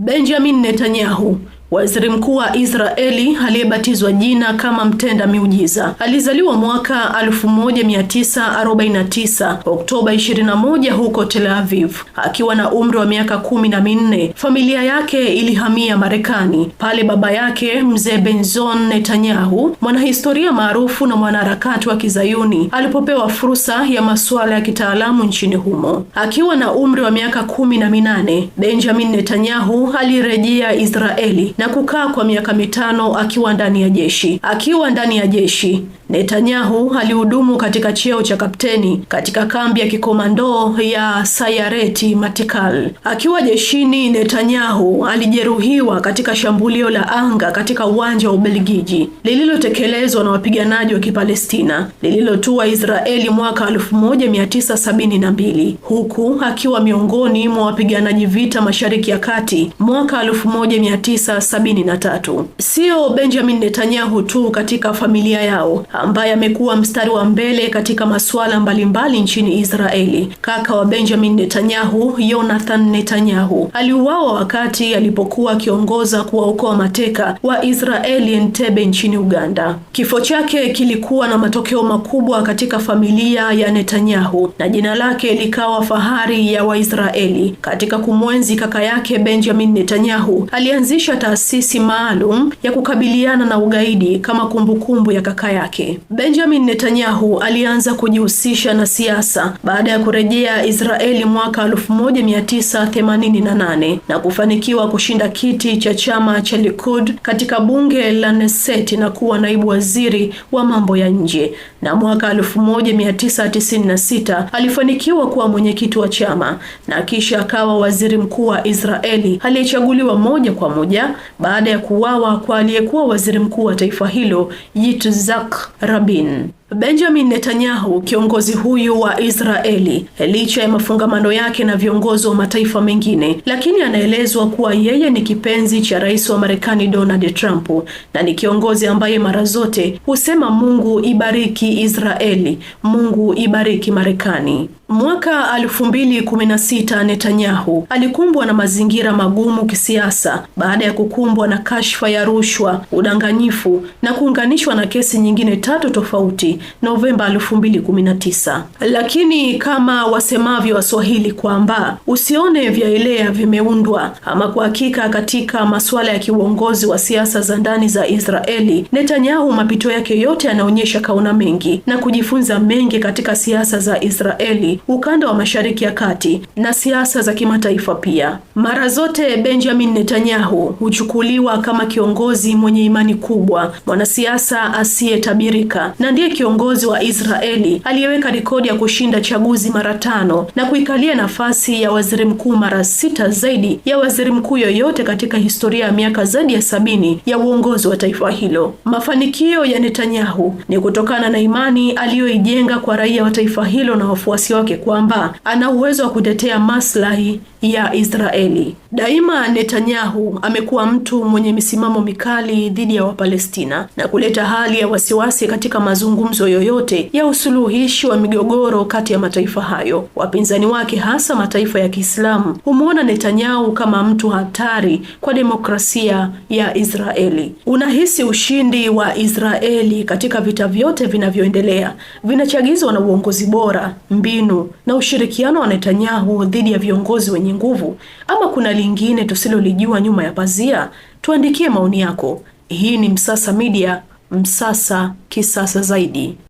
Benjamin Netanyahu Waziri mkuu wa Israeli aliyebatizwa jina kama mtenda miujiza alizaliwa mwaka 1949 Oktoba 21 huko Tel Aviv. Akiwa na umri wa miaka kumi na minne, familia yake ilihamia Marekani pale baba yake mzee benzon Netanyahu, mwanahistoria maarufu na mwanaharakati wa Kizayuni, alipopewa fursa ya masuala ya kitaalamu nchini humo. Akiwa na umri wa miaka kumi na minane, Benjamin Netanyahu alirejea Israeli na kukaa kwa miaka mitano akiwa ndani ya jeshi. Akiwa ndani ya jeshi Netanyahu alihudumu katika cheo cha kapteni katika kambi ya kikomando ya Sayareti Matikal. Akiwa jeshini, Netanyahu alijeruhiwa katika shambulio la anga katika uwanja wa Ubelgiji lililotekelezwa na wapiganaji wa Kipalestina lililotua Israeli mwaka 1972 huku akiwa miongoni mwa wapiganaji vita Mashariki ya Kati mwaka 1973. Sio Benjamin Netanyahu tu katika familia yao ambaye amekuwa mstari wa mbele katika masuala mbalimbali nchini Israeli. Kaka wa Benjamin Netanyahu, Jonathan Netanyahu, aliuawa wakati alipokuwa akiongoza kuwaokoa mateka wa Israeli Entebbe nchini Uganda. Kifo chake kilikuwa na matokeo makubwa katika familia ya Netanyahu na jina lake likawa fahari ya Waisraeli. Katika kumwenzi kaka yake Benjamin Netanyahu, alianzisha taasisi maalum ya kukabiliana na ugaidi kama kumbukumbu ya kaka yake. Benjamin Netanyahu alianza kujihusisha na siasa baada ya kurejea Israeli mwaka 1988 na kufanikiwa kushinda kiti cha chama cha Likud katika bunge la neseti na kuwa naibu waziri wa mambo ya nje, na mwaka 1996 alifanikiwa kuwa mwenyekiti wa chama na kisha akawa waziri mkuu wa Israeli aliyechaguliwa moja kwa moja baada ya kuuawa kwa aliyekuwa waziri mkuu wa taifa hilo Yitzhak Rabin. Benjamin Netanyahu, kiongozi huyu wa Israeli, licha ya mafungamano yake na viongozi wa mataifa mengine, lakini anaelezwa kuwa yeye ni kipenzi cha Rais wa Marekani Donald Trump na ni kiongozi ambaye mara zote husema Mungu ibariki Israeli, Mungu ibariki Marekani. Mwaka 2016 Netanyahu alikumbwa na mazingira magumu kisiasa baada ya kukumbwa na kashfa ya rushwa, udanganyifu na kuunganishwa na kesi nyingine tatu tofauti Novemba 2019. Lakini kama wasemavyo Waswahili kwamba usione vyaelea vimeundwa. Ama kwa hakika, katika masuala ya kiuongozi wa siasa za ndani za Israeli, Netanyahu mapito yake yote yanaonyesha kauna mengi na kujifunza mengi katika siasa za Israeli ukanda wa Mashariki ya Kati na siasa za kimataifa pia. Mara zote Benjamin Netanyahu huchukuliwa kama kiongozi mwenye imani kubwa, mwanasiasa asiyetabirika na ndiye kiongozi wa Israeli aliyeweka rekodi ya kushinda chaguzi mara tano na kuikalia nafasi ya waziri mkuu mara sita zaidi ya waziri mkuu yoyote katika historia ya miaka zaidi ya sabini ya uongozi wa taifa hilo. Mafanikio ya Netanyahu ni kutokana na imani aliyoijenga kwa raia wa taifa hilo na wafuasi wake wake kwamba ana uwezo wa kutetea maslahi ya Israeli. Daima Netanyahu amekuwa mtu mwenye misimamo mikali dhidi ya Wapalestina na kuleta hali ya wasiwasi katika mazungumzo yoyote ya usuluhishi wa migogoro kati ya mataifa hayo. Wapinzani wake, hasa mataifa ya Kiislamu, humwona Netanyahu kama mtu hatari kwa demokrasia ya Israeli. Unahisi ushindi wa Israeli katika vita vyote vinavyoendelea vinachagizwa na uongozi bora, mbinu na ushirikiano wa Netanyahu dhidi ya viongozi wenye wenye nguvu, ama kuna lingine tusilolijua nyuma ya pazia? Tuandikie maoni yako. Hii ni Msasa Media, Msasa kisasa zaidi.